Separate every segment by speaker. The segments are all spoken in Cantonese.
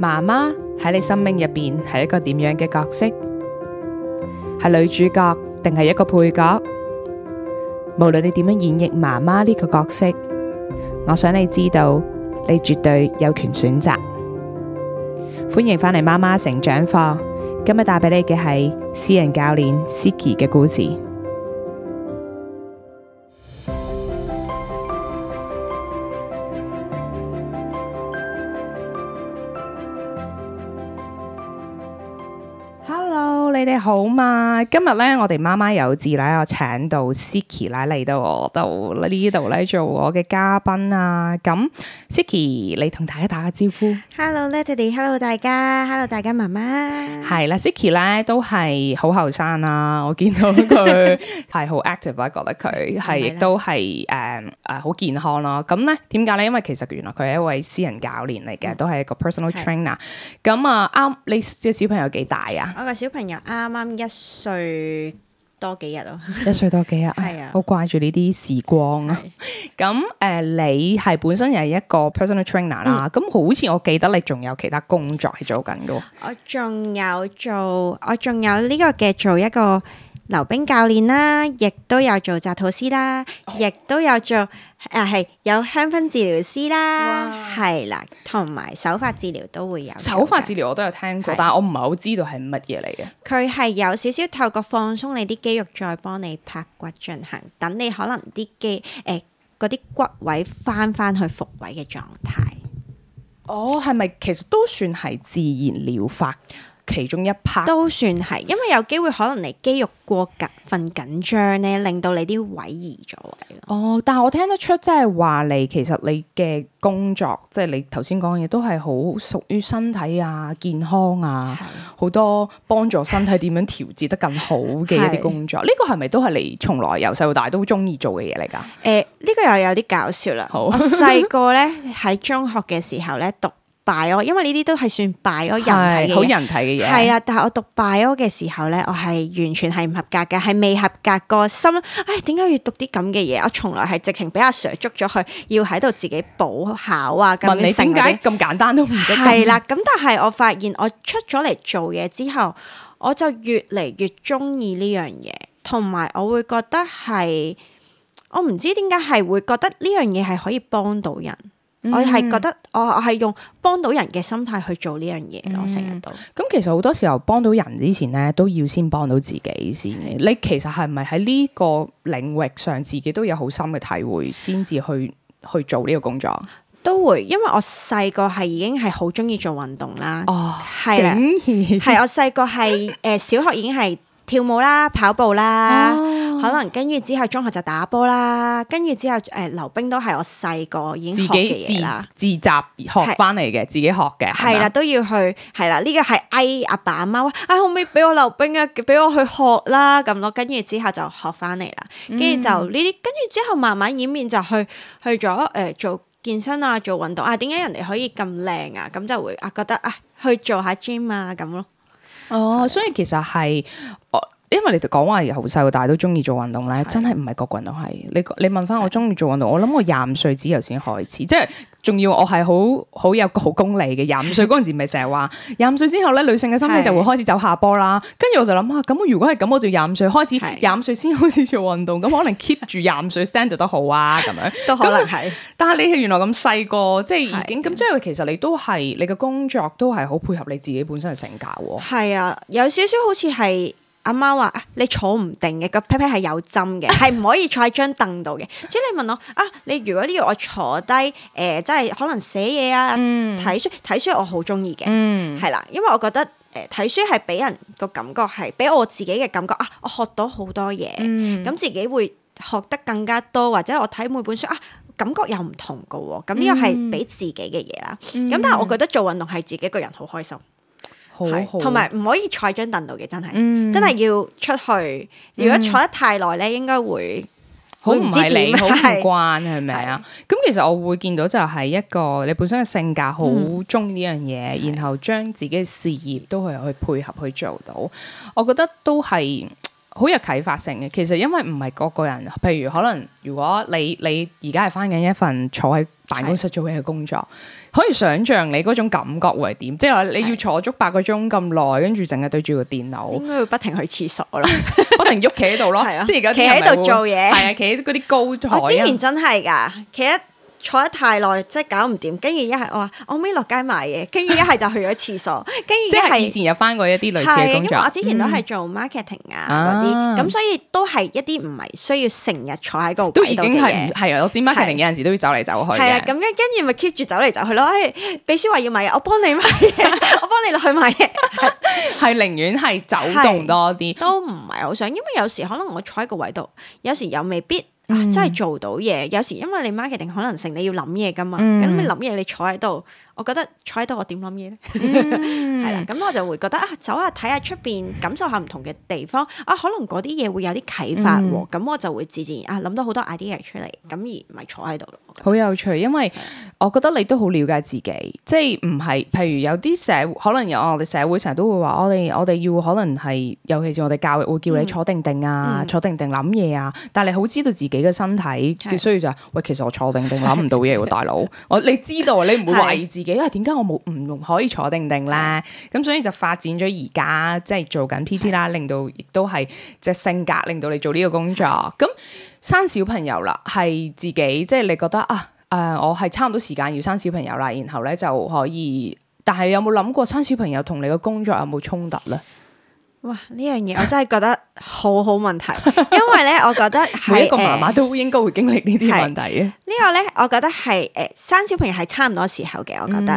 Speaker 1: 媽媽喺你生命入邊係一個點樣嘅角色？係女主角定係一個配角？無論你點樣演繹媽媽呢個角色，我想你知道你絕對有權選擇。歡迎返嚟媽媽成長課，今日帶畀你嘅係私人教練 Seeki 嘅故事。好嘛，今日咧我哋媽媽有志咧，我請到 Seeki 咧嚟到我度呢度咧做我嘅嘉賓啊！咁 Seeki，你同大家打個招呼。
Speaker 2: Hello，Letty，Hello 大家，Hello 大家，媽媽
Speaker 1: 係啦。Seeki 咧都係好後生啊，我見到佢係好 active 啊， 覺得佢係亦都係誒誒好健康咯、啊。咁咧點解咧？因為其實原來佢係一位私人教練嚟嘅，嗯、都係一個 personal trainer。咁是、嗯、啊啱，你嘅小朋友幾大啊？
Speaker 2: 我個小朋友啱、啊。啱一歲多幾日咯，一
Speaker 1: 歲多幾日係 是啊、哎，好掛住呢啲時光啊！咁誒是、啊呃，你係本身又係一個 personal trainer 啦，咁好似我記得你仲有其他工作係做緊噶， 我
Speaker 2: 仲有做，我仲有呢個嘅做一個。溜冰教練啦，亦都有做紮肚師啦，亦、oh. 都有做誒係、呃、有香薰治療師啦，係啦 Wow.，同埋手法治療都會有。手法治療我都有聽過，的但係我唔係好知道係乜嘢嚟嘅。佢係有少少透過放鬆你啲肌肉，再幫你拍骨進行，等你可能啲肌誒啲、呃、骨位返返去復位嘅狀態。哦、oh，係咪其實都算係自然療法？其中一 part 都算係，因為有機會可能你肌肉過緊、份緊張咧，令到你啲位移咗位
Speaker 1: 哦。但係我聽得出，即係話你其實你嘅工作，即係你頭先講嘅嘢都係好屬於身體啊、健康啊，好是多幫助身體點樣調節得更好嘅一啲工作。呢個係咪都係你從來由細到大都中意做嘅嘢嚟噶？
Speaker 2: 誒、呃，呢、呢個又有啲搞笑啦。好細個咧喺中學嘅時候咧讀。Bio 囉，因為呢啲都係算 Bio 人體好人體嘅嘢係啊。但係我讀 Bio 嘅時候咧，我係完全係唔合格嘅，係未合格個心。唉、哎，點解要讀啲咁嘅嘢？我從來係直情俾阿 Sir 捉咗去，要喺度自己補考啊。問你點解咁簡單都唔得？係啦，咁但係我發現我出咗嚟做嘢之後，我就越嚟越中意呢樣嘢，同埋我會覺得係我唔知點解係會覺得呢樣嘢係可以幫到人。我係覺得我我係用幫到人嘅心態去做呢樣嘢，我成日都。
Speaker 1: 咁其實好多時候幫到人之前咧，都要先幫到自己先。嗯、你其實係咪喺呢個領域上自己都有好深嘅體會，先至去去做呢個工作？
Speaker 2: 都會，因為我細個係已經係好中意做運動啦。哦，係係的竟然 我細個係誒，小學已經係。跳舞啦，跑步啦，哦、可能跟住之後中學就打波啦，跟住之後誒溜、呃、冰都係我細個已經學嘅嘢啦，自習
Speaker 1: 學翻嚟嘅，是自己學嘅係啦，
Speaker 2: 都要去係啦，呢個係嗌阿爸阿媽啊，可唔可以俾我溜冰啊，俾我去學啦咁咯，跟住之後就學翻嚟啦，跟住就呢啲，跟住之後慢慢演變就去去咗誒、呃、做健身啊，做運動啊，點解人哋可以咁靚啊，咁就會啊覺得啊去做下 gym 啊咁咯。哦，
Speaker 1: 所以其實係我。因為你哋講話好細個，但係都中意做運動咧，是的 真係唔係個個人都係。你你問翻我中意做運動，我諗我廿五歲之後先開始，即係仲要我係好好有個好功利嘅廿五歲嗰陣時，咪成日話廿五歲之後咧，女性嘅身體就會開始走下坡啦。跟住是的 我就諗啊，咁如果係咁，我就廿五歲開始廿五歲先開始做運動，咁可能 keep 住廿五歲 stand 得好啊，咁樣都可能係那。但係你原來咁細個，即係已經咁，是的 即係其實你都係你嘅工作都係好配合你自己本身嘅性格。
Speaker 2: 係啊，有少少好似係。阿媽話：啊，你坐唔定嘅，個 pat pat 係有針嘅，係唔 可以坐喺張凳度嘅。所以你問我啊，你如果呢個我坐低，誒、呃，即係可能寫嘢啊，睇書睇書，書我好中意嘅，係啦、嗯，因為我覺得誒睇、呃、書係俾人個感覺係，俾我自己嘅感覺啊，我學到好多嘢，咁、嗯、自己會學得更加多，或者我睇每本書啊，感覺又唔同㗎喎。咁呢個係俾自己嘅嘢啦。咁、嗯嗯、但係我覺得做運動係自己個人好開心。係，同埋唔可以坐喺張凳度嘅，嗯、真係，真係要出去。如果坐得太耐咧，嗯、應該會好唔知點唔
Speaker 1: 慣係咪啊？咁其實我會見到就係一個你本身嘅性格好鍾意呢樣嘢，嗯、然後將自己嘅事業都係去配合去做到，我覺得都係。好有啟發性嘅，其實因為唔係個個人，譬如可能如果你你而家係返緊一份坐喺辦公室做嘢嘅工作，可以想像你嗰種感覺會係點？即係話你要坐足八個鐘咁耐，跟住淨係對住個
Speaker 2: 電腦，應該會不停去廁所咯，不停喐企喺度咯，即係企喺度做嘢，係啊，企喺嗰啲高台。我之前真係噶，企。坐得太耐，即係搞唔掂。跟住一係我話我咪落街買嘢，跟住一係就去咗廁所。跟住 即係以前
Speaker 1: 有翻過一啲類似嘅工作。係因為我之前都係
Speaker 2: 做 marketing 啊嗰啲，咁所以都係一啲唔係需要成日坐喺個度。都已經係
Speaker 1: 係啊，我知 marketing 有陣時都要走嚟走去。係啊，咁
Speaker 2: 跟跟住咪 keep 住走嚟走去咯。哎，秘書話要買嘢，我幫你買嘢，我幫你落去買嘢。係寧願係走動多啲，都唔係好想，因為有時可能我坐喺個位度，有時又未必。啊！真係做到嘢，嗯、有時因為你 marketing 可能性，你要諗嘢噶嘛，咁你諗嘢，你坐喺度。我覺得坐喺度，我點諗嘢咧？係啦、mm. 咁我就會覺得啊，走下睇下出邊，感受下唔同嘅地方啊，可能嗰啲嘢會有啲啟發喎。咁、mm. 我就會自然啊，諗到好多 idea 出嚟。咁而唔係坐喺度咯。
Speaker 1: 好有趣，因為我覺得你都好了解自己，即係唔係？譬如有啲社會，可能我哋社會成日都會話，我哋我哋要可能係，尤其是我哋教育會叫你坐定定啊，mm. 坐定定諗嘢啊。但你好知道自己嘅身體嘅需要就係，喂，其實我坐定定諗唔到嘢喎， 大佬，我你知道你唔會懷疑自己。自己，因為點解我冇唔可以坐定定咧？咁所以就發展咗而家即係做緊 PT 啦，令到亦都係只性格令到你做呢個工作。咁生小朋友啦，係自己即係、就是、你覺得啊，誒、呃，我係差唔多時間要生小朋友啦，然後咧就可以。但係有冇諗過生小朋友同你嘅工作有冇衝突咧？
Speaker 2: 哇！呢樣嘢我真係覺得好好問題， 因為咧，我覺得係一個媽媽
Speaker 1: 都應該會經歷呢啲問題嘅。
Speaker 2: 呢個咧，我覺得係誒、呃、生小朋友係差唔多時候嘅，我覺得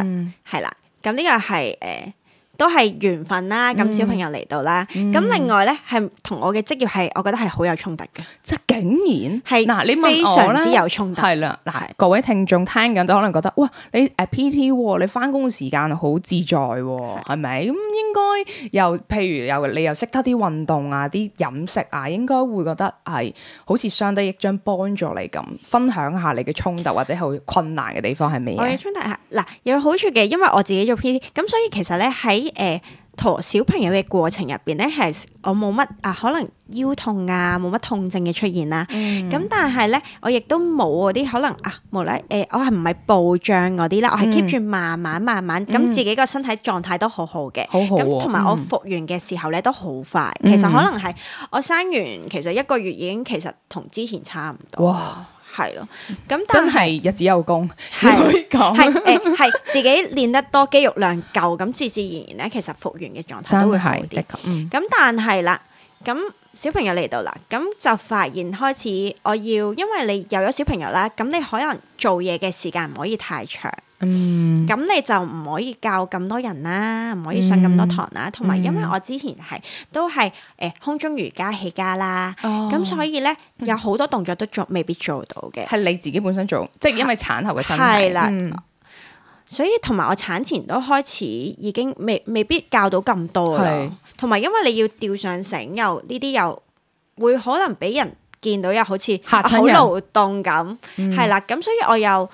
Speaker 2: 係啦。咁呢、嗯、個係誒。呃都係緣分啦，咁小朋友嚟到啦。咁、嗯、另外咧，係同我嘅職業係，我覺得係好有衝突嘅。即竟然係，
Speaker 1: 嗱你問我咧，非常之有衝突。係啦，嗱各位聽眾聽緊都可能覺得，哇！你誒 PT，你返工嘅時間好自在喎，係咪？咁應該又譬如又你又識得啲運動啊、啲飲食啊，應該會覺得係好似相得益彰，幫助你咁分享下你嘅衝突或者係困難嘅地方係咩？我嘅衝突係嗱
Speaker 2: 有好處嘅，因為我自己做 PT，咁所以其實咧喺。誒、陀、欸、小朋友嘅過程入邊咧，係我冇乜啊，可能腰痛啊，冇乜痛症嘅出現啦、啊。咁、嗯、但係咧，我亦都冇嗰啲可能啊，無啦誒、欸，我係唔係暴脹嗰啲啦？嗯、我係 keep 住慢慢慢慢咁，嗯、自己個身體狀態都好好嘅、啊，咁同埋我復原嘅時候咧，都好快。嗯、其實可能係我生完，其實一個月已經，其實同之前差唔多哇。係咯，咁、嗯、是真係日子有功，係講係誒，係自己練得多，肌肉量夠，咁自自然然咧，其實復原嘅狀態
Speaker 1: 都會好啲。咁、
Speaker 2: 嗯、但係啦。嗯咁小朋友嚟到啦，咁就發現開始我要，因為你又有小朋友啦，咁你可能做嘢嘅時間唔可以太長，咁、嗯、你就唔可以教咁多人啦，唔可以上咁多堂啦，同埋、嗯、因為我之前係都係誒、呃、空中瑜伽起家啦，咁、哦、所以呢有好多動作都做未必做到嘅，係你自己本身做，即係因為產後嘅身體，嗯、所以同埋我產前都開始已經未未必教到咁多啦。同埋，因為你要吊上繩又呢啲又會可能俾人見到又好似好勞動咁，係啦，咁、嗯啊、所以我又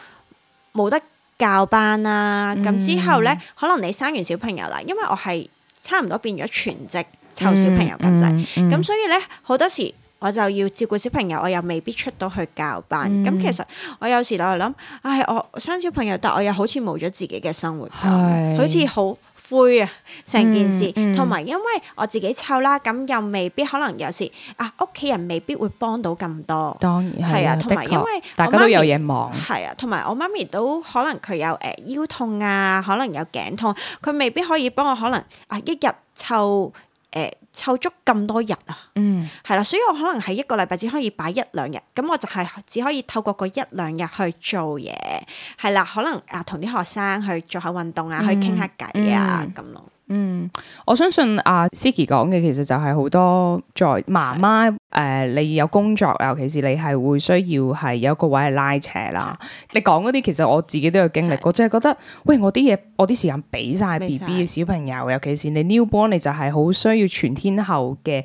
Speaker 2: 冇得教班啦、啊。咁之後咧，可能你生完小朋友啦，因為我係差唔多變咗全職湊小朋友咁滯，咁、嗯嗯嗯、所以咧好多時我就要照顧小朋友，我又未必出到去教班。咁、嗯嗯、其實我有時我又諗，唉，我生小朋友，但我又好似冇咗自己嘅生活，的好似好灰啊，成件事，同埋、嗯嗯、因為我自己湊啦，咁又未必可能有時啊，屋企人未必會幫到咁多。
Speaker 1: 當然係啊，同埋還有、的確、因為大家都有嘢忙，係
Speaker 2: 啊，同埋我媽咪都可能佢有誒、呃、腰痛啊，可能有頸痛，佢未必可以幫我可能啊一日湊誒。呃湊足咁多日啊，嗯，係啦，所以我可能係一個禮拜只可以擺一兩日，咁我就係只可以透過嗰一兩日去做嘢，係啦，可能啊同啲學生去做下運動啊，去傾下偈啊咁咯。嗯，
Speaker 1: 我相信啊 Seeki 講嘅其實就係好多在媽媽誒你有工作，尤其是你係會需要係有一個位係拉扯啦。你講嗰啲其實我自己都有經歷過，即係覺得，喂，我啲嘢我啲時間俾晒 BB 嘅小朋友，尤其是你 new born，你就係好需要全天。前後嘅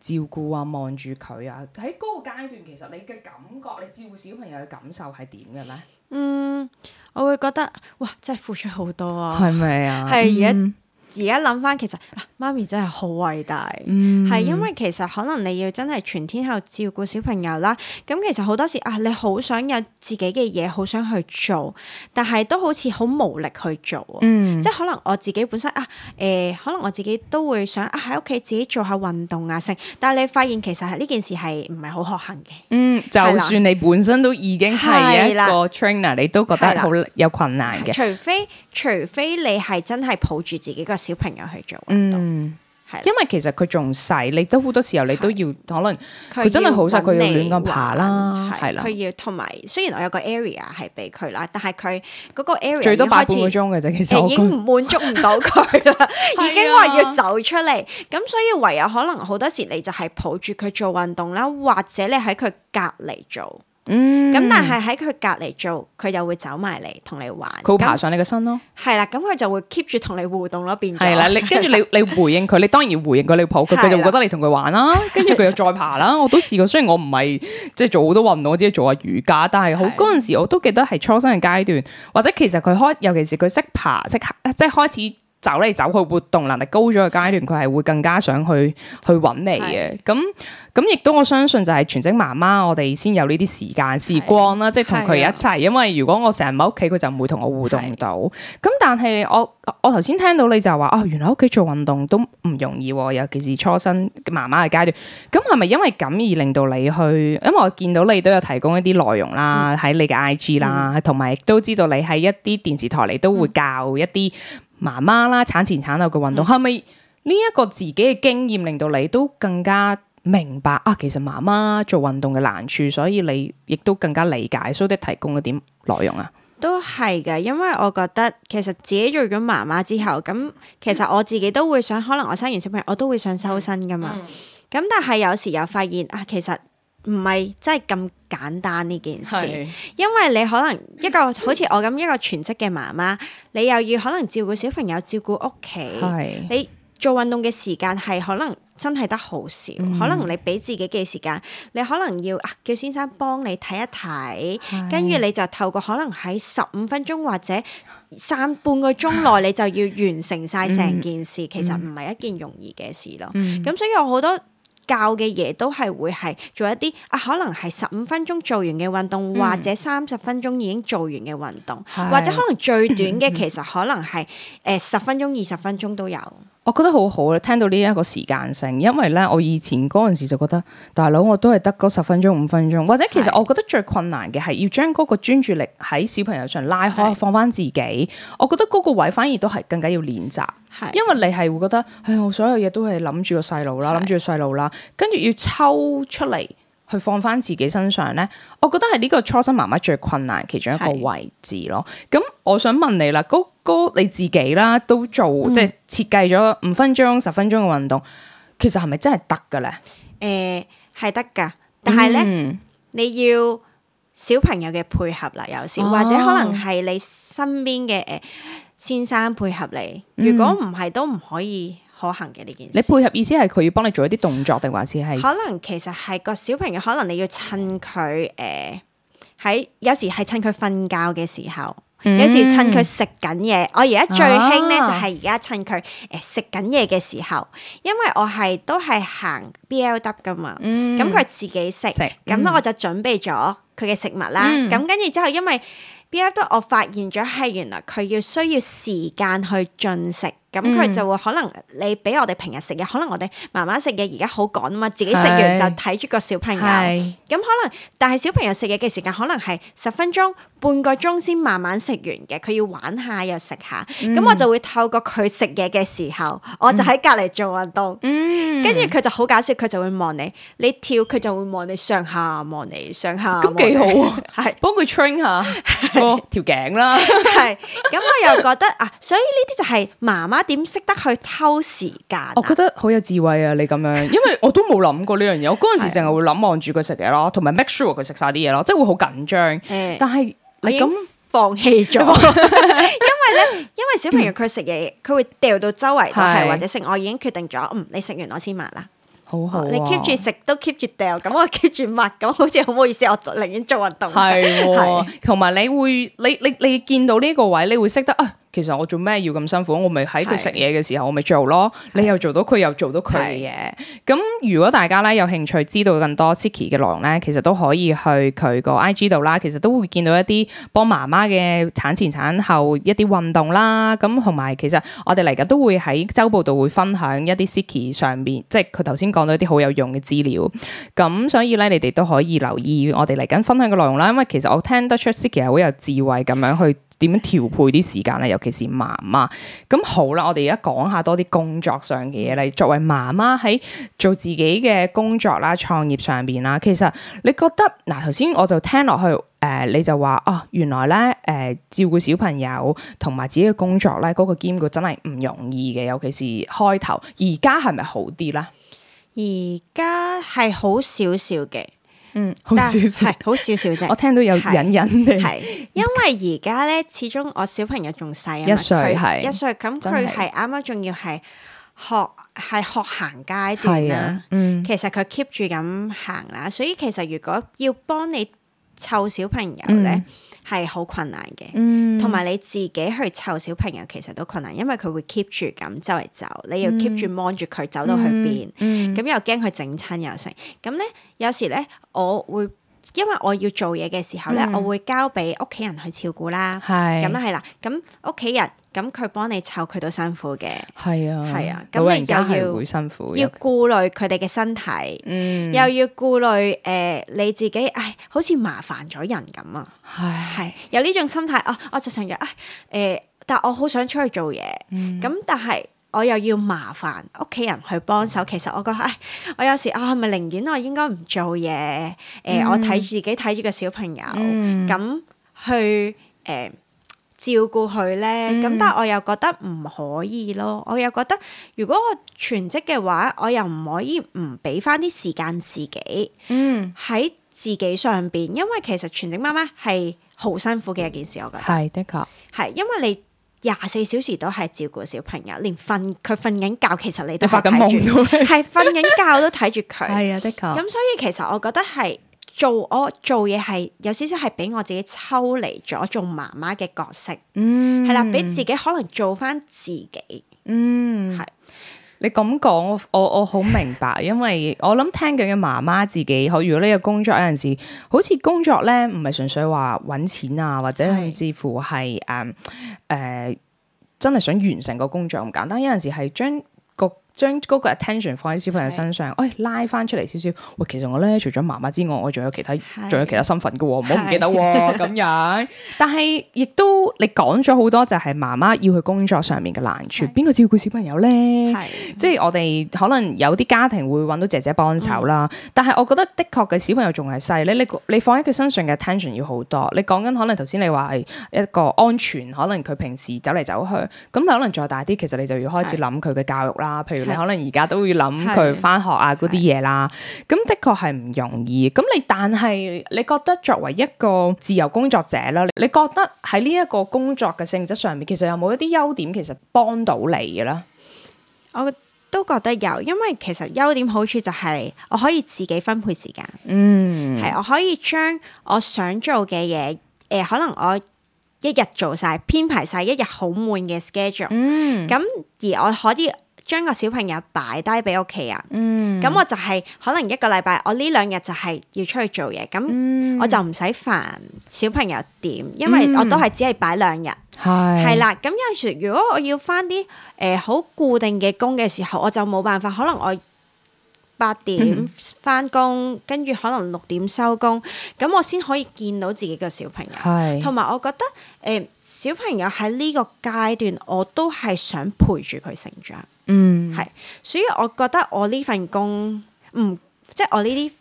Speaker 1: 照顧啊，望住佢啊，喺嗰個階段其實你嘅感覺，你照顧小朋友嘅感受係點嘅咧？嗯，
Speaker 2: 我會覺得哇，真係付出好多是是啊，係咪啊？係而家。而家諗翻，其實啊，媽咪真係好偉大，係、嗯、因為其實可能你要真係全天候照顧小朋友啦。咁其實好多時啊，你好想有自己嘅嘢，好想去做，但係都好似好無力去做。嗯，即係可能我自己本身啊，誒、呃，可能我自己都會想喺屋企自己做下運動啊，剩。但係你發現其實呢件事係唔係好可行嘅。嗯，就算你本身都已經係一個
Speaker 1: trainer，的你都覺得好有困難嘅，除
Speaker 2: 非。除非你係真係抱住自己個小朋友去做運動，嗯，係是的 因為
Speaker 1: 其實佢仲細，你都好多時候你都要可能佢真係好細，佢要亂咁爬啦，係啦要，佢
Speaker 2: 要同埋雖然我有個 area 係俾佢啦，但係佢嗰個 area 最多八半個鐘嘅啫，其實已經滿足唔到佢啦，已經話 要走出嚟，咁是的 所，所以唯有可能好多時你就係抱住佢做運動啦，或者你喺佢隔籬做。嗯，咁但係喺佢隔籬做，佢又會走埋嚟同你玩，佢
Speaker 1: 爬上你個身咯。
Speaker 2: 係啦那，咁佢就會 keep 住同你互動咯，變咗了。係啦，跟住你你
Speaker 1: 回應佢，你當然回應佢，你抱佢，佢就覺得你同佢玩啦。跟住佢又再爬啦。 我都試過，雖然我唔係即係做好多運動，我只係做下瑜伽。但係好嗰陣時，我都記得係初生嘅階段，或者其實佢開，尤其是佢識爬、識即係開始。走嚟走去，活動能力高咗嘅階段，佢係會更加想去去揾你嘅。咁咁亦都我相信，就係全職媽媽，我哋先有呢啲時間時光啦，是的 即係同佢一齊。因為如果我成日唔喺屋企，佢就唔會同我互動到。咁是的 但係我我頭先聽到你就話，哦，原來屋企做運動都唔容易，啊，尤其是初生媽媽嘅階段。咁係咪因為咁而令到你去？因為我見到你都有提供一啲內容啦，喺你嘅 IG 啦，同埋都知道你喺一啲電視台嚟都會教一啲。媽媽啦，產前產後嘅運動，係咪呢一個自己嘅經驗令到你都更加明白啊？其實媽媽做運動嘅難處，所以你亦都更加理解。所以啲提供嘅點內容啊，
Speaker 2: 都係嘅。因為我覺得其實自己做咗媽媽之後，咁其實我自己都會想，嗯、可能我生完小朋友，我都會想收身㗎嘛。咁、嗯、但係有時又發現啊，其實。唔係真係咁簡單呢件事，是因為你可能一個好似我咁一個全職嘅媽媽，你又要可能照顧小朋友、照顧屋企，是你做運動嘅時間係可能真係得好少，嗯、可能你俾自己嘅時間，你可能要、啊、叫先生幫你睇一睇，是跟住你就透過可能喺十五分鐘或者三半個鐘內你就要完成晒成件事，嗯、其實唔係一件容易嘅事咯。咁、嗯、所以我好多。教嘅嘢都係會係做一啲啊，可能係十五分鐘做完嘅運動，嗯、或者三十分鐘已經做完嘅運動，是的 或者可能最短嘅其實可能係誒十分鐘二十分鐘都有。
Speaker 1: 我覺得好好咧，聽到呢一個時間性，因為咧我以前嗰陣時就覺得，大佬我都係得嗰十分鐘、五分鐘，或者其實我覺得最困難嘅係要將嗰個專注力喺小朋友上拉開，是的 放翻自己。我覺得嗰個位反而都係更加要練習，是的 因為你係會覺得，唉，我所有嘢都係諗住個細路啦，諗住個細路啦，跟住是的 要抽出嚟，去放翻自己身上咧，我覺得係呢個初生媽媽最困難其中一個位置咯。咁是我想問你啦，高高你自己啦，都做、嗯、即係設計咗五分鐘、十分鐘嘅運動，其實係咪真係得噶咧？
Speaker 2: 誒、呃，係得噶，但係咧，嗯、你要小朋友嘅配合啦，有時、哦、或者可能係你身邊嘅誒先生配合你，嗯、如果唔係都唔可以。可行嘅呢件事，你配合
Speaker 1: 意思係佢要幫你做一啲動作，定還是係？可能
Speaker 2: 其實係個小朋友，可能你要趁佢誒喺，有時係趁佢瞓覺嘅時候，嗯、有時趁佢食緊嘢。我而家最興咧就係而家趁佢誒食緊嘢嘅時候，哦、因為我係都係行 B L W 噶嘛，咁佢、嗯、自己食，咁吃 我就準備咗佢嘅食物啦。咁跟住之後，因為 B L W，我發現咗係原來佢要需要時間去進食。咁佢、嗯、就會可能你俾我哋平日食嘢，可能我哋媽媽食嘢。而家好趕啊嘛，自己食完就睇住個小朋友。咁可能，但係小朋友食嘢嘅時間可能係十分鐘、半個鐘先慢慢食完嘅。佢要玩下又食下，咁、嗯、我就會透過佢食嘢嘅時候，我就喺隔離做運動。跟住佢就好搞笑，佢就會望你，你跳佢就會望你上下，望你上下。咁幾好啊，係幫佢 train 下個、哦、條頸啦。係咁，我又覺得啊，所以呢啲就係媽媽，媽。點識得去偷時間啊？我覺得
Speaker 1: 好有智慧啊！你咁樣，因為我都冇諗過呢樣嘢。我嗰陣時淨係會諗，望住佢食嘢咯，同埋 make sure 佢食晒啲嘢咯，即係會好緊張。嗯、但
Speaker 2: 係你咁放棄咗， 因為咧，因為小朋友佢食嘢，佢 會掉到周圍都係，是或者食。我已經決定咗，嗯，你食完我先抹啦。
Speaker 1: 好，好，你 keep 住食
Speaker 2: 都 keep 住掉，咁我 keep 住抹，咁好似好唔好意思。我寧願做運動係，
Speaker 1: 同埋你會，你你你見到呢個位，你會識得啊。其實我做咩要咁辛苦？我咪喺佢食嘢嘅時候，是的 我咪做咯。你又做到，佢又做到佢嘅嘢。咁是的 如果大家咧有興趣知道更多 Seeki 嘅內容咧，其實都可以去佢個 IG 度啦。其實都會見到一啲幫媽媽嘅產前產後一啲運動啦。咁同埋其實我哋嚟緊都會喺週報度會分享一啲 Seeki 上邊，即係佢頭先講到一啲好有用嘅資料。咁所以咧，你哋都可以留意我哋嚟緊分享嘅內容啦。因為其實我聽得出 Seeki 係好有智慧咁樣去。點樣調配啲時間咧？尤其是媽媽。咁好啦，我哋而家講下多啲工作上嘅嘢。例如作為媽媽喺做自己嘅工作啦、創業上邊啦，其實你覺得嗱頭先我就聽落去誒、呃，你就話哦，原來咧誒、呃、照顧小朋友同埋自己嘅工作咧，嗰個兼顧真係唔容易嘅。尤其是開頭，而家係咪好啲咧？
Speaker 2: 而家係好少少嘅。嗯，但好少，係好少少啫。我聽到有隱隱
Speaker 1: 哋，係
Speaker 2: 因為而家咧，始終我小朋友仲細啊嘛，一歲係一歲，咁佢係啱啱仲要係學係學行階段啦、啊。嗯，其實佢 keep 住咁行啦，所以其實如果要幫你湊小朋友咧。嗯係好困難嘅，同埋、嗯、你自己去湊小朋友其實都困難，因為佢會 keep 住咁周圍走，你要 keep 住望住佢走到去邊，咁、嗯嗯、又驚佢整親又成。咁咧有時咧，我會因為我要做嘢嘅時候咧，嗯、我會交俾屋企人去照顧啦。係咁啦，係啦、啊，咁屋企人。咁佢幫你湊，佢都辛苦嘅。
Speaker 1: 係啊，係啊，老人家係會辛苦，要
Speaker 2: 顧慮佢哋嘅身體，嗯，又要顧慮誒、呃、你自己，唉，好似麻煩咗人咁啊，係係唉。有呢種心態，哦，我就成日誒，但我好想出去做嘢，咁、嗯、但係我又要麻煩屋企人去幫手。其實我覺得，唉，我有時我係咪寧願我應該唔做嘢？誒、呃，嗯、我睇自己睇住個小朋友，咁去誒。照顧佢咧，咁、嗯、但係我又覺得唔可以咯。我又覺得如果我全職嘅話，我又唔可以唔俾翻啲時間自己。嗯，喺自己上邊，因為其實全職媽媽係好辛苦嘅一件事，我覺得係的確係，因為你廿四小時都係照顧小朋友，連瞓佢瞓緊覺，其實你都發緊夢，係瞓緊覺都睇住佢。係啊，的確。咁所以其實我覺得係。做我做嘢係有少少係俾我自己抽離咗做媽媽嘅角色，嗯，係啦，俾自己可能做翻自己，
Speaker 1: 嗯，係是。你咁講，我我我好明白， 因為我諗聽緊嘅媽媽自己，可如果呢個工作有陣時，好似工作咧唔係純粹話搵錢啊，或者甚至乎係誒誒，真係想完成個工作咁簡單，有陣時係將個。將嗰個 attention 放喺小朋友身上，喂是的、哎，拉翻出嚟少少。喂，其實我咧除咗媽媽之外，我仲有其他，仲是的 有其他身份嘅，唔好唔記得。咁是的 樣，但係亦都你講咗好多，就係媽媽要去工作上面嘅難處，邊個是的 照顧小朋友咧？係，是的 即係我哋可能有啲家庭會揾到姐姐幫手啦。是的 但係我覺得的確嘅小朋友仲係細咧，你你放喺佢身上嘅 attention 要好多。你講緊可能頭先你話係一個安全，可能佢平時走嚟走去，咁可能再大啲，其實你就要開始諗佢嘅教育啦，譬如。你可能而家都會諗佢返學啊嗰啲嘢啦，咁是的確係唔容易。咁你但係你覺得作為一個自由工作者啦，你覺得喺呢一個工作嘅性質上面，其實有冇
Speaker 2: 一啲優點其實幫到你嘅咧？我都覺得有，因為其實優點好處就係我可以自己分配時間。嗯，
Speaker 1: 係我
Speaker 2: 可以將我想做嘅嘢，誒、呃、可能我一日做晒、編排晒一日好悶嘅 schedule。嗯，咁而我可以。將個小朋友擺低俾屋企人，咁、嗯、我就係可能一個禮拜，我呢兩日就係要出去做嘢，咁我就唔使煩小朋友點，因為我都係只係擺兩日，係、嗯、係啦。咁有時如果我要翻啲誒好固定嘅工嘅時候，我就冇辦法，可能我八點翻工，嗯、跟住可能六點收工，咁我先可以見到自己個小朋友，同埋係我覺得誒、呃、小朋友喺呢個階段，我都係想陪住佢成長。嗯，係，所以我覺得我呢份工唔，即、嗯、係、就是、我呢啲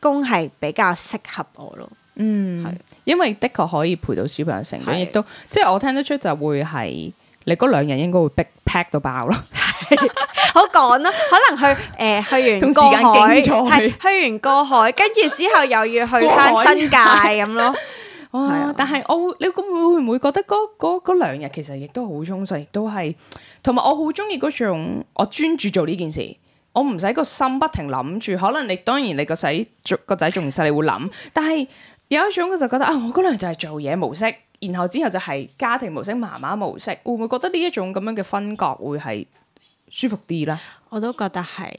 Speaker 2: 工係比較適合我咯。嗯，
Speaker 1: 因為的確可以陪到小朋友成長，亦是都即係我聽得出就會係你嗰兩日應該會逼 pack 到爆咯。
Speaker 2: 好講啦，可能去誒、呃、去完過海，係去, 去完過海，跟住之後又要去翻新界咁
Speaker 1: 咯。 哇！啊、但係我會你會會唔會覺得嗰兩日其實亦都好充實，亦都係同埋我好中意嗰種我專注做呢件事，我唔使個心不停諗住。可能你當然你個仔個仔仲細，你會諗，但係有一種佢就覺得 啊，我嗰兩日就係做嘢模式，然後之後就係家庭模式、媽媽模式，
Speaker 2: 會唔會覺得呢一種咁樣嘅分割會係舒服啲咧？我都覺得係，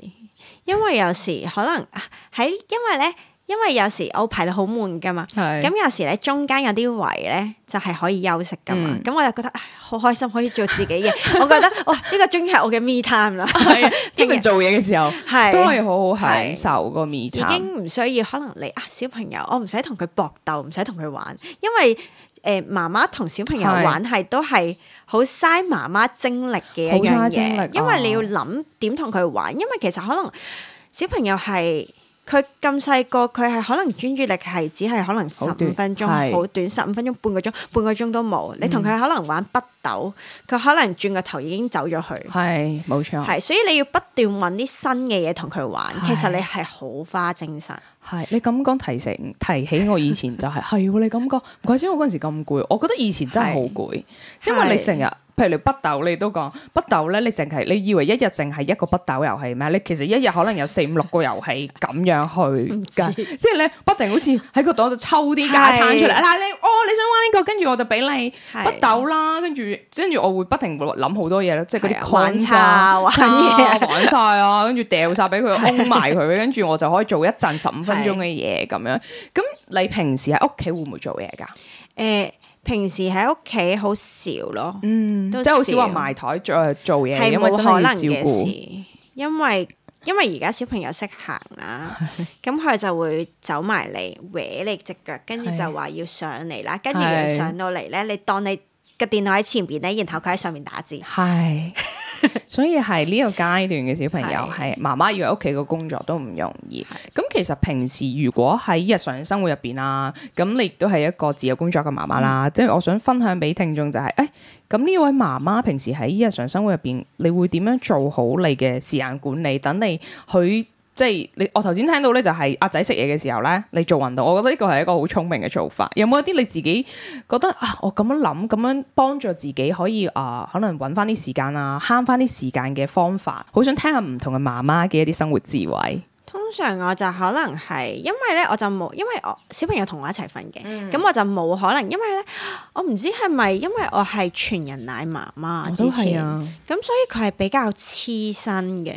Speaker 2: 因為有時可能喺因為咧。因為有時我排到好悶噶嘛，咁是有時咧中間有啲位咧就係、是、可以休息噶嘛，咁、嗯、我就覺得好開心可以做自己嘢。 我覺得哇，呢、這個終於係我嘅 me time 啦，
Speaker 1: 邊度做嘢嘅時候是都係好好享受個 me time 是已經
Speaker 2: 唔需要可能你啊小朋友，我唔使同佢搏鬥，唔使同佢玩，因為誒、呃、媽媽同小朋友玩係是都係好嘥媽媽精力嘅一樣嘢，啊、因為你要諗點同佢玩，因為其實可能小朋友係。佢咁細個，佢係可能專注力係只係可能十五分鐘，好短十五分鐘，半個鐘，半個鐘都冇。你同佢可能玩筆斗，佢可能轉個頭已經走咗去。
Speaker 1: 係冇、嗯、錯。
Speaker 2: 係所以你要不斷揾啲新嘅嘢同佢玩，是其實你係好花精神。
Speaker 1: 係你咁講提醒提起我以前就係、是、係、 啊、你咁講，唔怪之我嗰陣時咁攰。我覺得以前真係好攰，因為你成日。譬如你北斗，你都講北斗咧，你淨係你以為一日淨係一個北斗遊戲咩？你其實一日可能有四五六個遊戲咁樣去 知道 即係咧不停好似喺個袋度抽啲家產出嚟。嗱是、啊，你哦你想玩呢、這個，跟住我就俾你北斗啦，跟住跟住我會不停會諗好多嘢咧，即係嗰啲觀察啊，玩嘢玩晒啊，跟 住掉晒俾佢，掹埋佢，跟住我就可以做一陣十五分鐘嘅嘢咁樣。咁你平時喺屋企會唔會做嘢噶？誒。 欸平時喺屋企好少咯，
Speaker 2: 嗯、少即係好少話埋
Speaker 1: 台做做嘢事，係冇可能嘅事。
Speaker 2: 因為 因為而家小朋友識行啦，咁佢 就會走埋嚟搲你隻腳，跟住就話要上嚟啦。跟住 你上到嚟咧， 你當你個電腦喺前邊咧，然後佢喺上面打字。係。
Speaker 1: 所以係呢個階段嘅小朋友，係媽媽要喺屋企嘅工作都唔容易。咁是其實平時如果喺日常生活入邊啊，咁你亦都係一個自由工作嘅媽媽啦。嗯、即係我想分享俾聽眾就係、是，誒、欸，咁呢位媽媽平時喺日常生活入邊，你會點樣做好你嘅時間管理？等你去。即係你，我頭先聽到咧就係阿仔食嘢嘅時候咧，你做運動，我覺得呢個係一個好聰明嘅做法。有冇一啲你自己覺得啊，我咁樣諗，咁樣幫助自己可以啊、呃，可能搵翻啲時間啊，慳翻啲時間嘅方法？好想聽下唔同嘅媽媽嘅一啲生活智慧。
Speaker 2: 通常我就可能係因為咧，我就冇，因為我小朋友同我一齊瞓嘅，咁、嗯、我就冇可能，因為咧，我唔知係咪因為我係全人奶媽媽，之前。啊，咁所以佢係比較黐身嘅。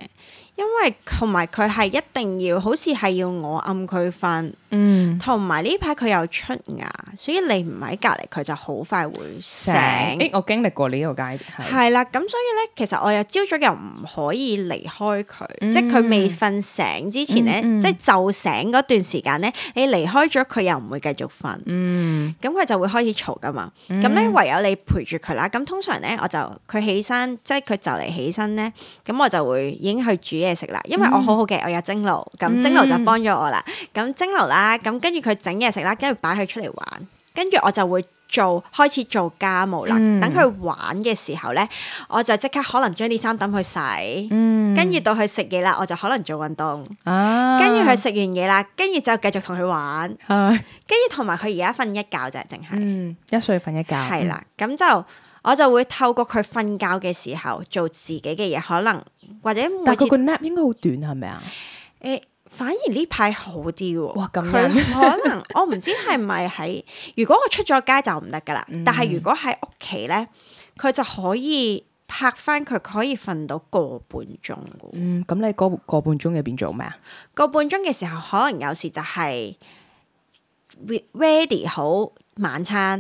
Speaker 2: 因為同埋佢係一定要，好似係要我暗佢瞓。嗯，同埋呢排佢又出牙，所以你唔喺隔籬，佢就好快會醒。醒，欸、
Speaker 1: 我經歷過呢個
Speaker 2: 階段。係啦，咁所以咧，其實我又朝早又唔可以離開佢，嗯、即係佢未瞓醒之前咧，嗯嗯、即係就醒嗰段時間咧，你離開咗佢又唔會繼續瞓。咁佢、嗯、就會開始嘈噶嘛。咁咧、嗯、唯有你陪住佢啦。咁通常咧，我就佢起身，即係佢就嚟起身咧，咁我就會已經去煮嘢食啦。因為我好好嘅，我有蒸爐，咁蒸爐就幫咗我啦。咁蒸爐啦。啊！咁跟住佢整嘢食啦，跟住擺佢出嚟玩，跟住我就會做開始做家務啦。嗯、等佢玩嘅時候咧，我就即刻可能將啲衫等佢洗。嗯，跟住到佢食嘢啦，我就可能做運動。跟住佢食完嘢啦，跟住就繼續同佢玩。跟住同埋佢而家瞓一覺就係淨係，嗯，
Speaker 1: 一歲瞓一覺。係啦、嗯，
Speaker 2: 咁就我就會透過佢瞓覺嘅時候做自己嘅嘢，可能或者。但係佢
Speaker 1: 個 nap 應該好短係咪啊？誒。
Speaker 2: 反而呢排好啲喎，佢可能我唔知係咪喺。如果我出咗街就唔得㗎喇，嗯、但係如果喺屋企咧，佢就可以拍返佢可以瞓到個半鐘。嗯，咁你嗰個
Speaker 1: 半鐘喺邊做咩啊？
Speaker 2: 個半鐘嘅時,時候可能有時就係、是。ready 好晚餐，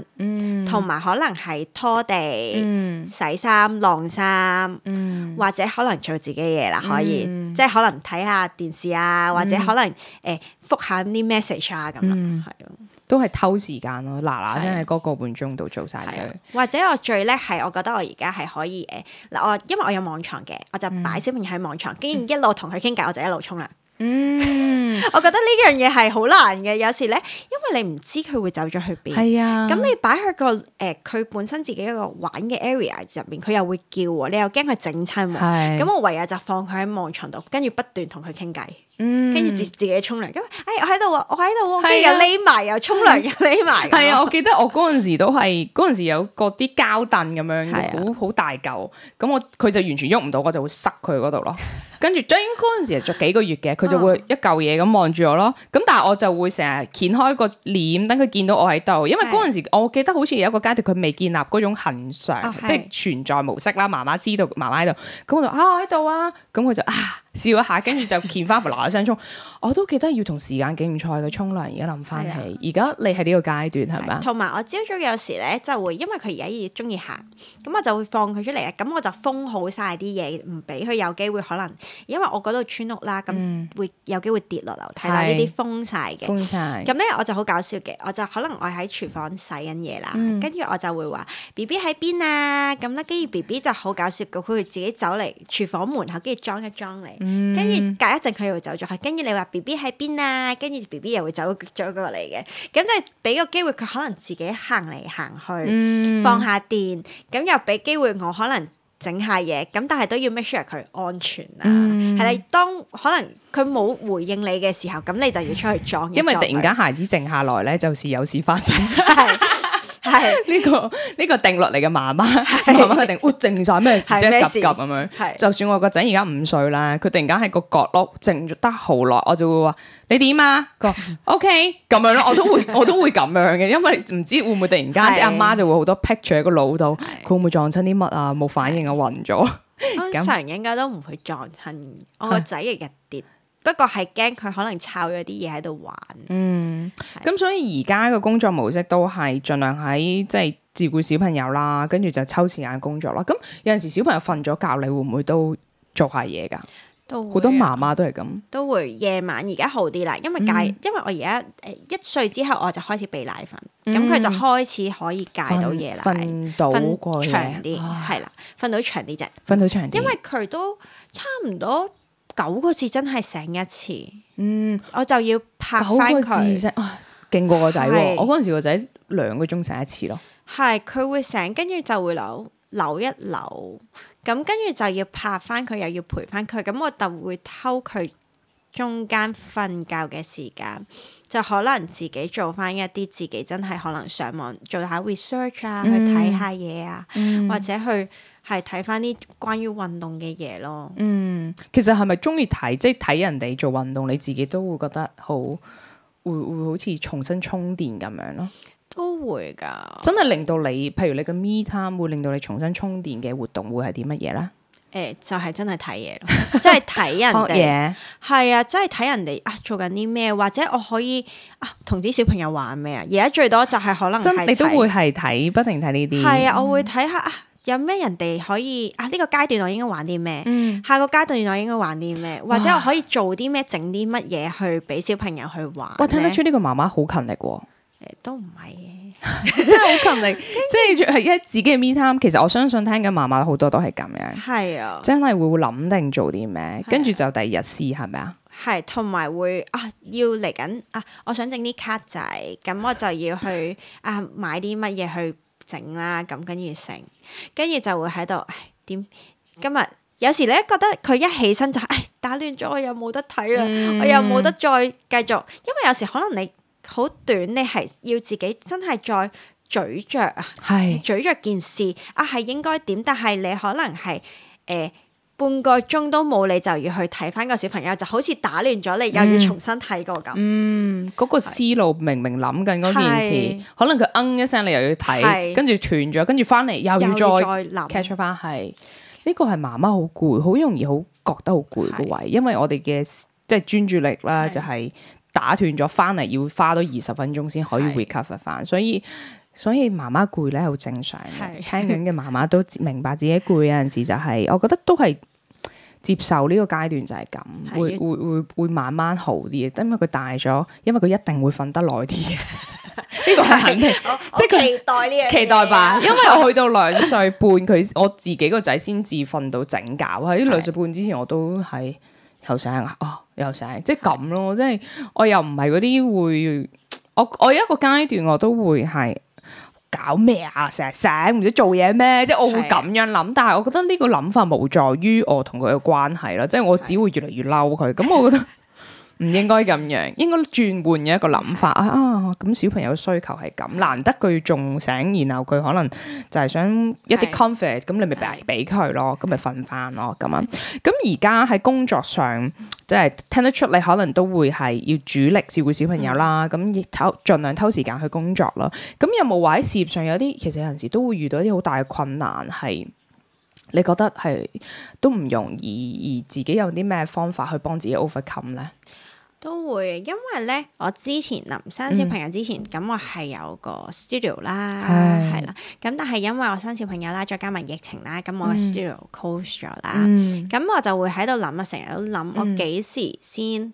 Speaker 2: 同埋、嗯、可能係拖地、嗯、洗衫、晾衫，嗯、或者可能做自己嘢啦，可以，嗯、即係可能睇下電視啊，或者可能誒復、呃、下啲 message 啊咁、嗯、係咯，係
Speaker 1: 咯，都係偷時間咯，嗱嗱聲喺嗰個半鐘度做晒嘅、啊，啊、
Speaker 2: 或者我最叻係，我覺得我而家係可以誒，嗱、呃、我因為我有網床嘅，我就擺小朋友喺網床，竟然一路同佢傾偈，我就一路沖啦。嗯， 我覺得呢樣嘢係好難嘅，有時咧，因為你唔知佢會走咗去邊，係啊，咁你擺喺個誒佢、呃、本身自己一個玩嘅 area 入面，佢又會叫喎，你又驚佢整親喎，咁是我唯有就放佢喺網床度，跟住不斷同佢傾偈，跟住自自己沖涼，咁誒、哎、我喺度啊，我喺度，跟住又匿埋又沖涼又匿埋，係啊，我
Speaker 1: 記得我嗰陣時都係嗰陣時有嗰啲膠凳咁樣，好好是、啊啊、大嚿，咁我佢就完全喐唔到，我就會塞佢嗰度咯。 跟住 Jame 嗰陣時係著幾個月嘅就會一嚿嘢咁望住我咯，咁但係我就會成日掀開個簾，等佢見到我喺度。因為嗰陣時，是的 我記得好似有一個階段，佢未建立嗰種恆常，哦、即係存在模式啦。媽媽知道媽媽喺度，咁我就啊，喺度啊，咁佢就啊。笑一下，跟住就見翻，嗱嗱聲沖。我都記得要同時間競賽嘅沖涼。而家諗翻起，而家的你係呢個階段係咪？同
Speaker 2: 埋我朝早有時咧，就會因為佢而家要鍾意行，咁我就會放佢出嚟啊。咁我就封好晒啲嘢，唔俾佢有機會可能。因為我嗰度村屋啦，咁、嗯、會有機會跌落樓梯啦，的呢啲封晒嘅。封晒。咁咧我就好搞笑嘅，我就可能我喺廚房洗緊嘢啦，跟住、嗯、我就會話 B B 喺邊啊？咁咧，跟住 B B 就好搞笑嘅，佢會自己走嚟廚房門口，跟住裝一裝嚟。跟住、嗯、隔一陣佢又走咗，跟住你話 BB 喺邊啊？跟住 BB 又會走咗過嚟嘅，咁即係俾個機會佢可能自己行嚟行去，嗯、放下電，咁又俾機會我可能整下嘢，咁但係都要 make sure 佢安全啊。係啦、嗯，當可能佢冇回應你嘅時候，咁你就要出去撞，撞，因為突然間
Speaker 1: 孩子靜下來咧，就是有事發生。 係呢、 這個呢、這個定落嚟嘅媽
Speaker 2: 媽，媽媽嘅
Speaker 1: 定，靜晒咩事啫？急急咁樣，係就算我個仔而家五歲啦，佢突然間喺個角落靜得好耐，我就會話你點啊？佢 OK 咁樣咯，我都會我都會咁樣嘅，因為唔知會唔會突然間啲阿媽就會好多 picture 喺個腦度，佢的會唔會撞親啲乜啊？冇反應啊，暈咗？通
Speaker 2: 常應該都唔會撞親，我個仔日日跌。 不過係驚佢可能摷咗啲嘢喺度玩。
Speaker 1: 嗯，咁是所以而家嘅工作模式都係盡量喺即係照顧小朋友啦，跟住就抽時間工作啦。咁有陣時小朋友瞓咗覺，你會唔會都做下嘢㗎？都好多媽媽都係咁。都會，媽媽
Speaker 2: 都都會夜晚而家好啲啦，因為戒，嗯、因為我而家誒一歲之後我就開始備奶粉，咁佢、嗯、就開始可以戒到夜
Speaker 1: 奶，瞓長啲，
Speaker 2: 係啦唉，瞓到長啲啫，瞓到長、嗯。因為佢都差唔多。九個字真係醒一次，嗯，我就要拍翻佢。九個字啫，
Speaker 1: 勁過是個仔。我嗰陣時個仔兩個鐘醒一次咯。
Speaker 2: 係，佢會醒，跟住就會扭扭一扭，咁跟住就要拍翻佢，又要陪翻佢。咁我就會偷佢中間瞓覺嘅時間。就可能自己做翻一啲自己真係可能上網做下 research 啊，嗯、去睇下嘢啊，嗯、或者去係睇翻啲關於運動嘅嘢咯。嗯，
Speaker 1: 其實係咪中意睇，即係睇人哋做運動，你自己都會覺得好，會會好似重新充電咁樣咯。
Speaker 2: 都會噶，
Speaker 1: 真係令到你，譬如你嘅 me time 會令到你重新充電嘅活動會係啲乜嘢咧？
Speaker 2: 誒、欸，就係、是、真係睇嘢咯， 即係睇人學嘢，係啊，即係睇人哋啊做緊啲咩，或者我可以啊同啲小朋友玩咩啊？而
Speaker 1: 家最多就
Speaker 2: 係可能真，你都會
Speaker 1: 係睇，不停睇呢啲。係啊，我會
Speaker 2: 睇下、啊、有咩人哋可以啊呢、呢個階段我應該玩啲咩？嗯、下個階段我應該玩啲咩？或者我可以做啲咩整啲乜嘢去俾小朋友去玩？我聽得出
Speaker 1: 呢個媽媽好勤力喎、
Speaker 2: 哦。誒、欸，都唔係。 真係好勤力，後即係係一自己嘅 me time。其實我相信聽緊
Speaker 1: 媽媽好多都係咁樣，係啊，真係會諗定做啲咩，跟住、啊、就第二日試係咪啊？
Speaker 2: 係，同埋會啊，要嚟緊啊，我想整啲卡仔，咁我就要去 啊買啲乜嘢去整啦。咁跟住成，跟住就會喺度點？今日有時咧覺得佢一起身就誒、哎、打亂咗，我又冇得睇啦，嗯、我又冇得再繼續，因為有時可能你。好短，你係要自己真係再咀嚼啊，咀嚼件事啊係應該點？但係你可能係誒半個鐘都冇，你就要去睇翻個小朋友，就好似打亂咗你，又要重新睇過咁。嗯，
Speaker 1: 嗰個思路明明諗緊嗰件事，可能佢嗯一聲，你又要睇，跟住斷咗，跟住翻嚟又要再再 catch 翻，係呢個係媽媽好攰，好容易好覺得好攰個位，因為我哋嘅即係專注力啦，就係。打斷咗翻嚟要花多二十分鐘先可以 recover 翻是，所以所以媽媽攰咧好正常嘅。是聽緊嘅媽媽都明白自己攰，有陣時就係、是，我覺得都係接受呢個階段就係咁是，會會會會慢慢好啲，因為佢大咗，因為佢一定會瞓得耐啲嘅。呢個係肯定，即係期待呢樣，期待吧。因為我去到兩歲半，佢我 自己個仔先至瞓到整覺。喺兩歲半之前，我都喺後生。啊哦。又醒，即係咁咯，是的 即係我又唔係嗰啲會，我我一個階段我都會係搞咩啊，成日醒唔知做嘢咩，即係是的 我會咁樣諗，但係我覺得呢個諗法無助於我同佢嘅關係咯，是的 即係我只會越嚟越嬲佢，咁我覺得。是的 唔應該咁樣，應該轉換嘅一個諗法啊！咁、啊、小朋友需求係咁，難得佢仲醒，然後佢可能就係想一啲 comfort，咁你咪俾佢咯，咁咪瞓翻咯，咁啊！咁而家喺工作上，即係聽得出你可能都會係要主力照顧小朋友啦，咁亦偷盡量偷時間去工作啦。咁有冇話喺事業上有啲，其實有陣時都會遇到一啲好大嘅困難，係你覺得係都唔容易，而自己有啲咩方法去幫自己 overcome 呢？
Speaker 2: 都會，因為咧，我之前臨生小朋友之前，咁、嗯、我係有個 studio 啦，係是啦，咁但係因為我生小朋友啦，再加埋疫情啦，咁、嗯、我嘅 studio close 咗啦，咁、嗯、我就會喺度諗啦，成日都諗、嗯、我幾時先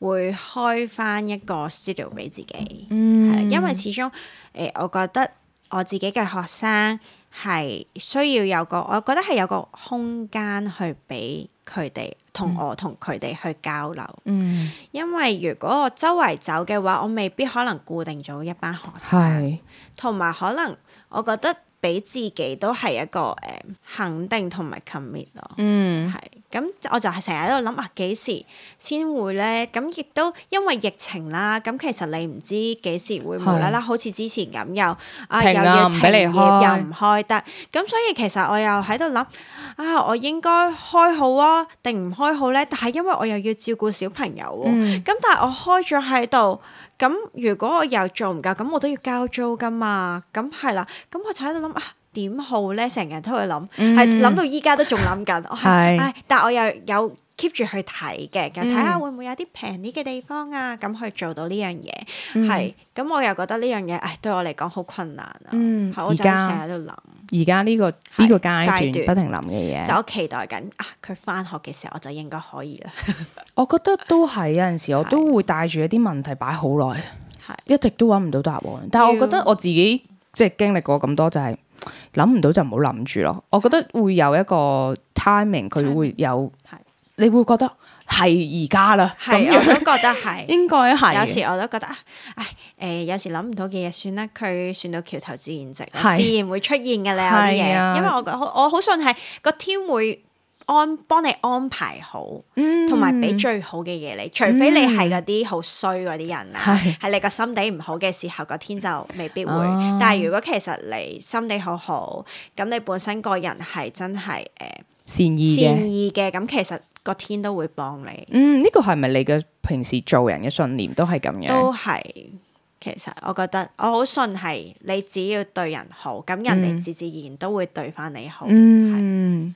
Speaker 2: 會開翻一個 studio 俾自己、嗯，係啦，因為始終誒、呃，我覺得我自己嘅學生。係需要有個，我覺得係有個空間去俾佢哋同我同佢哋去交流。嗯，因為如果我周圍走嘅話，我未必可能固定咗一班學
Speaker 1: 生，
Speaker 2: 同埋是可能我覺得。俾自己都係一個誒、嗯、肯定同埋 commit 咯、嗯，嗯係，咁我就成日喺度諗啊，幾時先會咧？咁亦都因為疫情啦，咁、啊、其實你唔知幾時會無啦啦，的好似之前咁又啊又要停，了停業，你又唔開得，咁所以其實我又喺度諗啊，我應該開好啊，定唔開好咧？但係因為我又要照顧小朋友、啊、咁、嗯、但係我開咗喺度。咁如果我又做唔夠，咁我都要交租㗎嘛，咁係啦，咁我就喺度諗啊。點好咧，成日都去諗，係諗到依家都仲諗緊。我係，但係我又有 keep 住去睇嘅，睇下會唔會有啲平啲嘅地方啊。咁去做到呢樣嘢係咁，我又覺得呢樣嘢，唉，對我嚟講好困難啊。嗯，我就成
Speaker 1: 日都諗。而家呢個呢個階段不停諗嘅嘢，就我
Speaker 2: 期待緊啊。佢返學嘅時候，我就應該可以啦。
Speaker 1: 我覺得都係有陣時，我都會帶住一啲問題擺好耐，係一直都揾唔到答案。但係我覺得我自己即係經歷過咁多，就係。諗唔到就唔好諗住咯，我覺得會有一個 timing，佢會有，你會覺得係而家
Speaker 2: 啦，是樣我都覺得係， 應該係。有時我都覺得，唉，誒，有時諗唔到嘅嘢算啦，佢算到橋頭自然直，是自然會出現嘅啦啲嘢，啊、因為我我，我好信係、個天會。安幫你安排好，同埋俾最好嘅嘢你。除非你係嗰啲好衰嗰啲人啊，係、嗯、你個心地唔好嘅時候，個天就未必會。哦、但係如果其實你心地好好，咁你本身個人係真係誒、呃、善意善意嘅，咁其實個天都會幫你。
Speaker 1: 嗯，呢個係咪你嘅平時做人嘅信念都係咁樣？都
Speaker 2: 係。其實我覺得我好信係你，只要對人好，咁人哋自自然然都會對翻你好。嗯。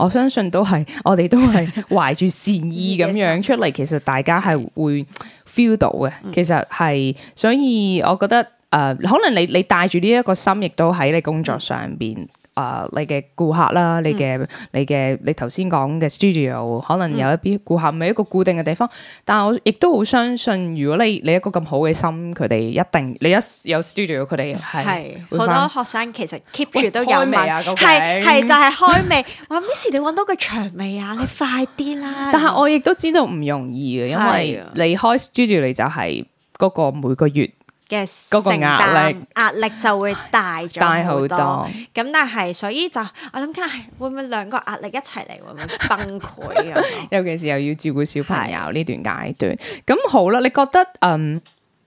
Speaker 1: 我相信都係，我哋都係懷住善意咁樣出嚟，其實大家係會 feel 到嘅。其實係，所以我覺得誒、呃，可能你你帶住呢一個心，亦都喺你工作上面。啊！Uh, 你嘅顧客啦，你嘅、嗯、你嘅你頭先講嘅 studio，可能有一啲、嗯、顧客唔係一個固定嘅地方，嗯、但係我亦都好相信，如果你你一個咁好嘅心，佢哋一定你一有 studio，佢哋係好多學
Speaker 2: 生其實 keep 住都有，係係、啊那個、就係、係、開味。我 miss 你揾到個場未啊？你快啲啦！ 但係我
Speaker 1: 亦都知道唔容易嘅，因為你開 studio 你就係嗰個每個月。
Speaker 2: 嘅承擔壓力，壓力就會大咗，大好多。咁但係所以就我諗，家係會唔會兩個壓力一齊嚟，會唔會崩潰啊？
Speaker 1: 尤其是又要照顧小朋友呢的段階段。咁好啦，你覺得嗯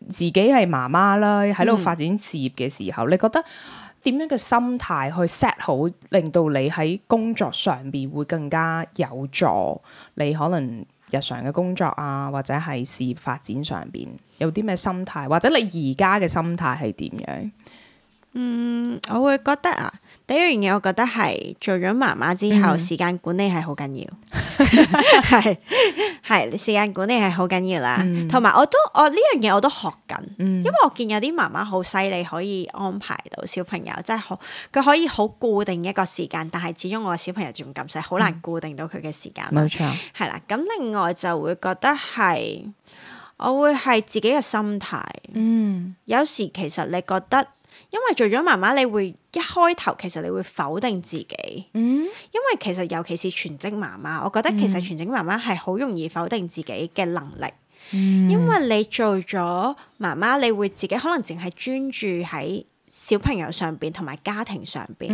Speaker 1: 自己係媽媽啦，喺度發展事業嘅時候，嗯、你覺得點樣嘅心態去 set 好，令到你喺工作上邊會更加有助？你可能？日常嘅工作啊，或者係事業發展上面有啲咩心態？或者你而家嘅心態係
Speaker 2: 點樣？嗯，我會覺得啊，第一樣嘢，我覺得係做咗媽媽之後，嗯、時間管理係好緊要，係係 時間管理係好緊要啦。同埋、嗯，我都我呢樣嘢我都學緊，嗯、因為我見有啲媽媽好犀利，可以安排到小朋友，即係好佢可以好固定一個時間，但係始終我嘅小朋友仲咁細，好難固定到佢嘅時間。冇錯，係啦。咁、嗯、另外就會覺得係我會係自己嘅心態。嗯，有時其實你覺得。因為做咗媽媽，你會一開頭其實你會否定自己，嗯、因為其實尤其是全職媽媽，我覺得其實全職媽媽係好容易否定自己嘅能力，嗯、因為你做咗媽媽，你會自己可能淨係專注喺小朋友上邊同埋家庭上邊，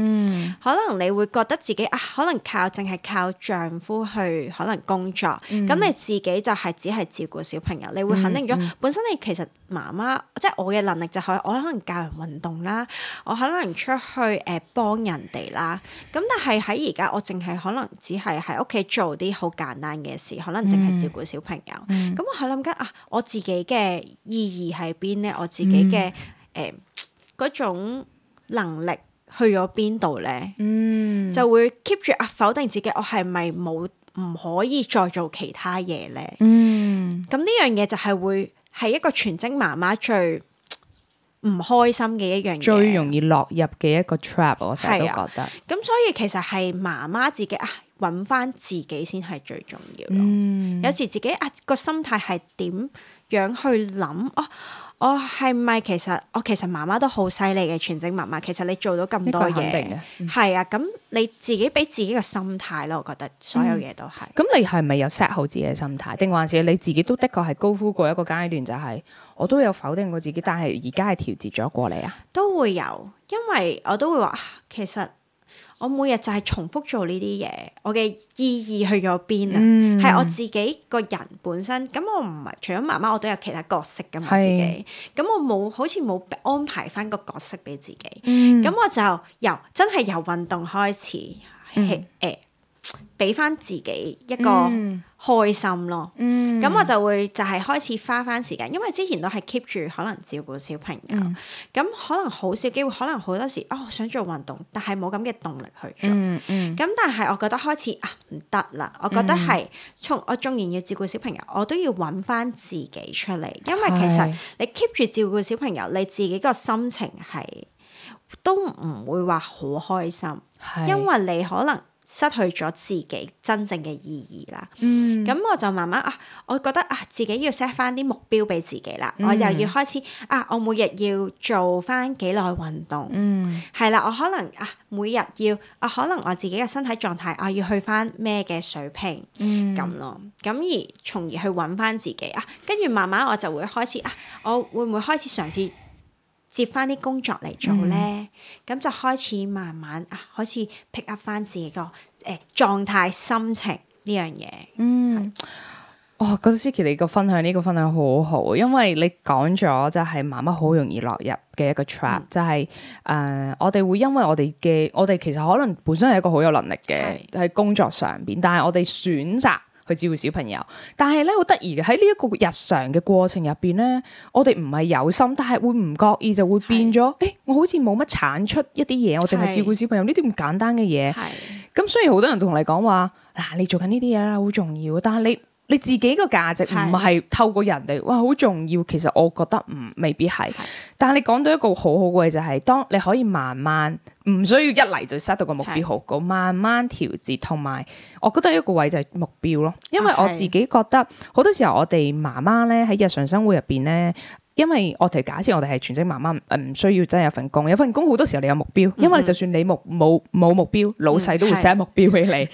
Speaker 2: 可能你會覺得自己啊，可能靠淨係靠丈夫去可能工作，咁你自己就係只係照顧小朋友。你會肯定咗本身你其實媽媽，即係我嘅能力就係我可能教人運動啦，我可能出去誒幫人哋啦。咁但係喺而家我淨係可能只係喺屋企做啲好簡單嘅事，可能淨係照顧小朋友。咁我係諗緊啊，我自己嘅意義喺邊咧？我自己嘅誒。嗰種能力去咗邊度咧？嗯，就會 keep 住啊否定自己，我係咪冇唔可以再做其他嘢咧？嗯，咁呢樣嘢就係會係一個全職媽媽最唔開心嘅一樣嘢，最
Speaker 1: 容易落入嘅一個 trap。我成日都覺得，
Speaker 2: 咁，啊，所以其實係媽媽自己啊，揾翻自己先係最重要咯。嗯，有時自己啊個心態係點樣去諗啊？哦，係咪？其實我、哦、其實媽媽都好犀利嘅全職媽媽，其實你做到咁多嘢，係、嗯、啊，咁你自己俾自己嘅心態咯、啊，我覺得所有嘢都係。
Speaker 1: 咁、嗯、你係咪有 set 好自己嘅心態，定還是你自己都的確係高呼過一個階段、就是，就係我都有否定過自己，但係而家係調節咗過嚟啊？
Speaker 2: 都會有，因為我都會話其實。我每日就係重複做呢啲嘢，我嘅意義去咗邊啊？係、嗯、我自己個人本身，咁我唔係除咗媽媽，我都有其他角色噶嘛是自己，咁我冇好似冇安排翻個角色俾自己，咁、嗯、我就由真係由運動開始，係、欸、嗯俾翻自己一個開心咯，咁、嗯、我就會就係開始花翻時間，因為之前都係 keep 住可能照顧小朋友，咁、嗯、可能好少機會，可能好多時哦想做運動，但係冇咁嘅動力去做，咁、嗯嗯、但係我覺得開始啊唔得啦，我覺得係從、嗯、我縱然要照顧小朋友，我都要揾翻自己出嚟，因為其實你 keep 住照顧小朋友，你自己個心情係都唔會話好開心，嗯嗯、因為你可能，失去咗自己真正嘅意義啦，咁、嗯、我就慢慢啊，我覺得啊，自己要 set 翻啲目標俾自己啦，嗯、我又要開始啊，我每日要做翻幾耐運動，係啦、嗯，我可能啊，每日要啊，可能我自己嘅身體狀態，我、啊、要去翻咩嘅水平咁、嗯、咯，咁而從而去揾翻自己啊，跟住慢慢我就會開始啊，我會唔會開始嘗試，接翻啲工作嚟做呢，咁、嗯、就開始慢慢啊，開始 pick up 翻自己個誒、呃、狀態、心情呢樣嘢。嗯，
Speaker 1: 哇是！嗰時 Seeki 你個分享、這個分享呢個分享好好，因為你講咗就係媽媽好容易落入嘅一個 trap、嗯、就係、是、誒、呃、我哋會因為我哋嘅我哋其實可能本身係一個好有能力嘅喺是工作上邊，但係我哋選擇，去照顧小朋友，但係咧好得意嘅喺呢一個日常嘅過程入邊咧，我哋唔係有心，但係會唔覺意就會變咗，誒是、欸，我好似冇乜產出一啲嘢，我淨係照顧小朋友呢啲咁簡單嘅嘢，係是，咁所以好多人同你講話，嗱、啊，你做緊呢啲嘢啦，好重要，但係你。你自己個價值唔係透過人哋哇，好重要。其實我覺得唔未必係，的但係你講到一個好好嘅就係、是，當你可以慢慢唔需要一嚟就 set 到個目標好高，的慢慢調節。同埋我覺得一個位就係目標咯，因為我自己覺得好的多時候我哋媽媽呢喺日常生活入邊呢。因為我哋假設我哋係全職媽媽，唔需要真係有份工。有份工好多時候你有目標，因為就算你目冇冇目標，老細都會寫目標俾你。咁、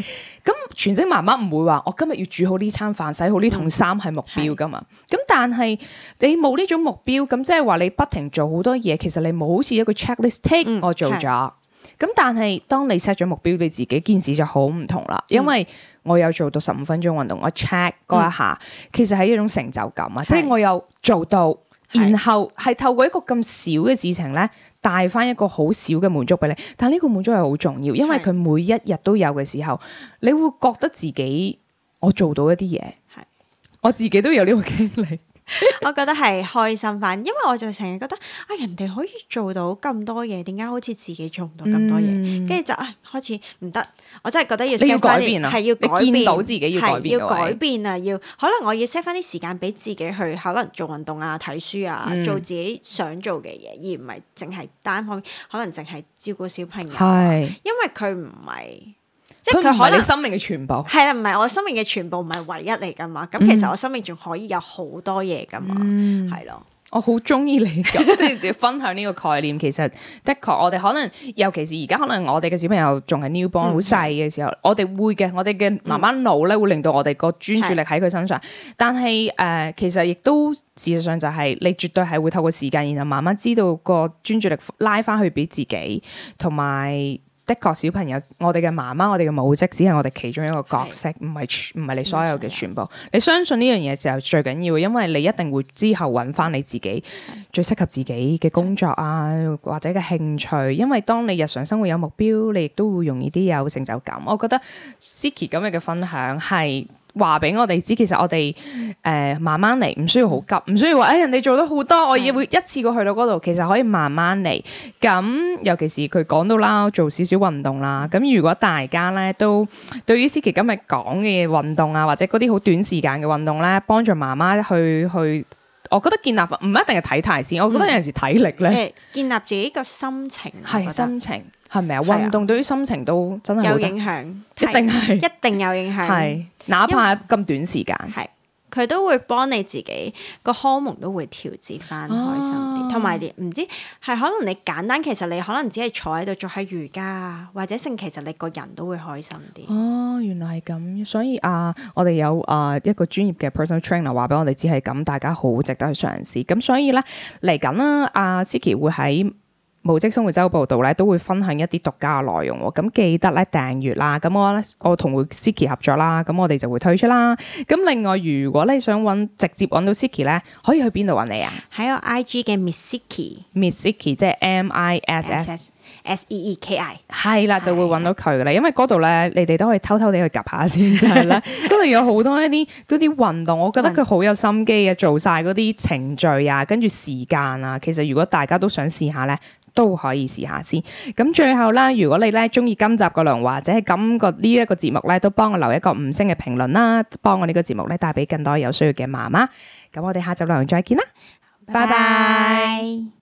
Speaker 1: 嗯、 全職媽媽唔會話我今日要煮好呢餐飯、洗好呢桶衫係目標噶嘛。咁、嗯、但係你冇呢種目標，咁即係話你不停做好多嘢，其實你冇好似一個 checklist take 我做咗。咁、嗯、但係當你 set 咗目標俾自己，件事就好唔同啦。因為我有做到十五分鐘運動，我 check 嗰一下，嗯、其實係一種成就感啊！即係、嗯、我有做到。然後係透過一個咁小嘅事情咧，帶翻一個好小嘅滿足俾你。但呢個滿足係好重要，因為佢每一日都有嘅時候，你會覺得自己我做到一啲嘢。係，我自己都有呢個經歷。
Speaker 2: 我覺得係開心翻，因為我就成日覺得啊、哎，人哋可以做到咁多嘢，點解好似自己做唔到咁多嘢？跟住、嗯、就、哎、開始唔得，我真係覺得要要改變、啊、要改變，係要改變到自己要改變嘅。要改變啊！要可能我要 set 翻啲時間俾自己去，可能做運動啊、睇書啊、嗯、做自己想做嘅嘢，而唔係淨係單方面可能淨係照顧小朋友、啊。是因為佢唔係。即係佢可係你生命嘅全部，係啦，唔係我生命嘅全部，唔係唯一嚟噶嘛。咁、嗯、其實我生命仲可以有好多嘢噶嘛，係咯、嗯。的我好中意你 即係要分享呢個
Speaker 1: 概念。其實的確，我哋可能，尤其是而家可能我哋嘅小朋友仲係 Newborn 好細嘅、嗯、時候，我哋會嘅，我哋嘅慢慢腦咧，會令到我哋個專注力喺佢身上。嗯、但係誒、呃，其實亦都事實上就係、是，你絕對係會透過時間，然後慢慢知道個專注力拉翻去俾自己，同埋。的確，小朋友，我哋嘅媽媽，我哋嘅母職，只係我哋其中一個角色，唔係全，唔係你所有嘅全部。你相信呢樣嘢就係最緊要，因為你一定會之後揾翻你自己最適合自己嘅工作啊，的或者嘅興趣。因為當你日常生活有目標，你亦都會容易啲有成就感。我覺得 Seeki 今日嘅分享係。話俾我哋知，其實我哋誒、呃、慢慢嚟，唔需要好急，唔需要話誒、欸、人哋做得好多，我要會一次過去到嗰度。其實可以慢慢嚟。咁尤其是佢講到啦，做少少運動啦。咁如果大家咧都對於 Seeki 今日講嘅運動啊，或者嗰啲好短時間嘅運動咧，幫助媽媽去去，我覺得建立唔一定係體態先，我覺得有陣時體力咧、嗯
Speaker 2: 欸，建立自己個心情係心情。是
Speaker 1: 係咪啊？運動對於心情都真係有，有影
Speaker 2: 響，一定係係、係、一定有影響，係哪怕咁短時間，係佢都會幫你自己個荷爾蒙都會調節翻開心啲，同埋唔知係可能你簡單，其實你可能只係坐喺度做下瑜伽啊，或者性，其實你個人都會開心
Speaker 1: 啲。哦，原來係咁，所以啊，我哋有啊一個專業嘅 personal trainer 話俾我哋，只係咁，大家好值得去嘗試。咁所以咧嚟緊啦，阿、啊、Seeki 會喺。母職生活週報度咧都會分享一啲獨家嘅內容喎，咁記得咧訂閱啦。咁我咧我同 Miss Seeki 合作啦，咁我哋就會推出啦。咁另外如果你想揾直接揾到 Miss Seeki 咧，可以去邊度揾你啊？
Speaker 2: 喺我 IG 嘅 Miss Seeki，Miss Seeki
Speaker 1: 即係 M I S S
Speaker 2: S E E K I，
Speaker 1: 係啦，就會揾到佢啦。因為嗰度咧，你哋都可以偷偷哋去 𥄫 下先，就係啦。嗰度有好多一啲啲運動，我覺得佢好有心機嘅，做晒嗰啲程序啊，跟住時間啊。其實如果大家都想試下咧～都可以試下先。咁最後啦，如果你咧中意今集嘅內容，或者係感覺呢一個節目咧，都幫我留一個五星嘅評論啦，幫我呢個節目咧帶俾更多有需要嘅媽媽。咁我哋下集內容再見啦，
Speaker 2: 拜拜。